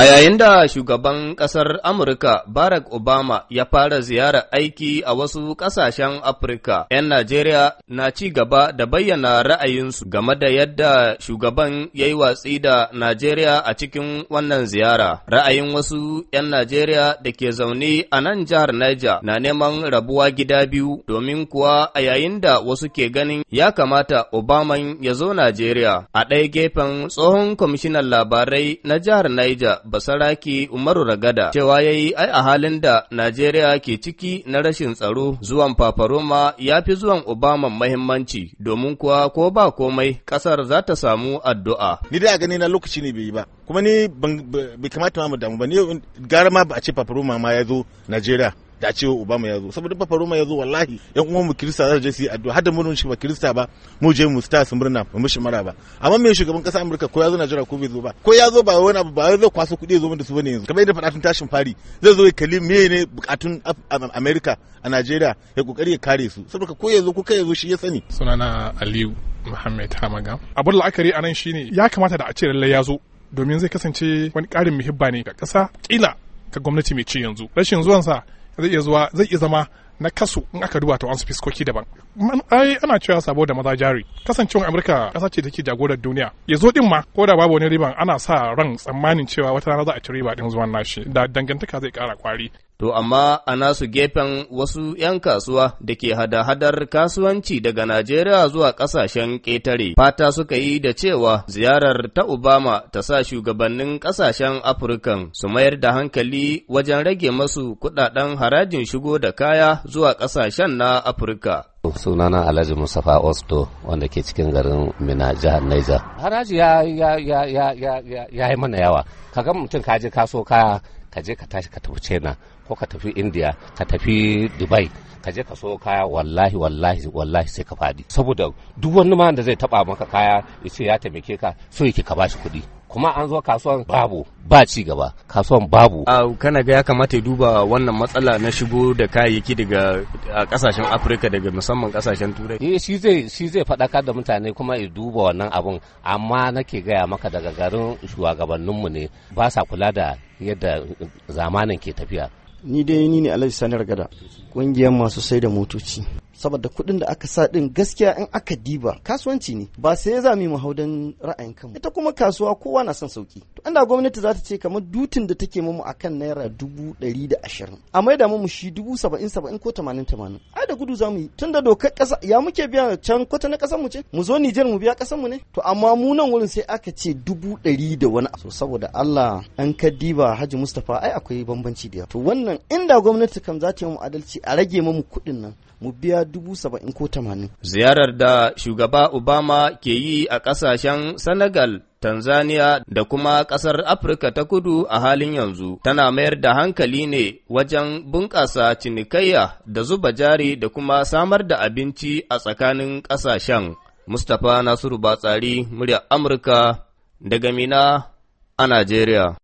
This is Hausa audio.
A yayin da shugaban ƙasar Amurka Barack Obama ya fara ziyarar aiki a wasu ƙasashen Afirka, ‘yan Najeriya na ci gaba da bayyana ra'ayinsu game da yadda shugaban ya yi watsi da Najeriya a cikin wannan ziyara. Ra'ayin wasu ‘yan Najeriya da ke zaune a nan jihar Niger na neman rabuwa gida biyu domin kuwa a yayin da wasu ke ganin ya kamata Obama ya zo Najeriya. A ɗaya gefen tsohon kwamishinan labarai na jihar Niger basaraki Umaru Ragada cewa ya yi ai a halin da Najeriya ke ciki na rashin tsaro zuwan fafaroma ya fi zuwan Obama mahimmanci domin kuwa ko ba komai kasar za ta samu addu'a. Ni da gani na lokaci ne bai ba kuma ni bai kamata ma mu damu ba ni gara ma ba a ce fafaroma ma ya zo Najeriya. da cewa Obama ya zo saboda Papa Roma ya zo wallahi yan uwan mu Kirista za su je su yi addu'a da mu shi ba Kirista ba mu je mu sta su murna mu mishi ba amma me shugaban kasa Amurka ko ya zo Najeriya ko bai zo ba ko ya zo ba wani abu ba zai kwaso kuɗi zo da su bane yanzu kamar yadda faɗa tun tashin fari zai zo ya kalli me ne bukatun Amerika a Najeriya ya kokari ya kare su saboda ko ya zo ko kai ya zo shi ya sani sunana Aliyu Muhammad Hamaga abun la'akari anan shine ya kamata da a ce lallai ya zo domin zai kasance wani ƙarin muhibba ne ga ƙasa ƙila ka gwamnati mai ci yanzu rashin zuwansa zai iya zuwa zai iya zama na kasu in aka duba ta wasu fiskoki daban ai ana cewa sabo da maza jari kasancewar amurka kasa ce take jagorar duniya ya zo din ma ko da babu wani riban ana sa ran tsammanin cewa wata rana za a ci riba din zuwan nashi da dangantaka zai kara kwari To, amma a nasu gefen wasu ‘yan kasuwa da ke hada-hadar kasuwanci daga Najeriya zuwa ƙasashen ƙetare, fata suka yi da cewa ziyarar ta Obama ta sa shugabannin ƙasashen Afirkan su mayar da hankali wajen rage masu kuɗaɗen harajin shigo da kaya zuwa ƙasashen na Afirka. sunana alhaji mustapha Osto wanda ke cikin garin mina jihar niger haraji ya yi mana yawa kaga mutum kaje kaso kaya ka je ka tashi ka tafi china ko ka tafi india ka tafi dubai ka je ka so kaya wallahi wallahi wallahi sai ka fadi saboda duk wani ma da zai taba maka kaya ya ce ya taimake ka so yake ka bashi kuɗi kuma an zo kasuwan babu ba ci gaba kasuwan babu a kana ga ya kamata ya duba wannan matsala na shigo da kayayyaki daga kasashen afirka daga musamman kasashen turai eh shi zai shi zai faɗakar da mutane kuma ya duba wannan abun amma nake gaya maka daga garin shugabanninmu ne ba sa kula da yadda zamanin ke tafiya ni dai ni ne alhaji sanar gada ƙungiyar masu sai da motoci saboda kuɗin da aka sa ɗin gaskiya in aka diba kasuwanci ne ba sai za mu hau don ra'ayin kanmu ita kuma kasuwa kowa na son sauki to inda gwamnati za ta ce kamar dutin da take mamu akan naira dubu ɗari da ashirin a maida mamu shi dubu saba'in saba'in ko tamanin tamanin gudu za mu yi tun da dokar ƙasa ya muke biya can kwata na kasar mu ce mu zo Nijar mu biya kasar mu ne to amma mu nan wurin sai aka ce dubu ɗari da wani so saboda Allah an ka diba Haji Mustapha ai akwai bambanci da to wannan inda gwamnati kam za ta yi mu adalci a rage mu kuɗin nan mu biya dubu saba'in ko tamanin. Ziyarar da shugaba Obama ke yi a ƙasashen Senegal Tanzania da kuma ƙasar Afirka ta kudu a halin yanzu tana mayar da hankali ne wajen bunƙasa cinikayya da zuba jari da kuma samar da abinci a tsakanin ƙasashen. Mustapha Nasiru Batsari, murya Amurka, daga Mina a Najeriya.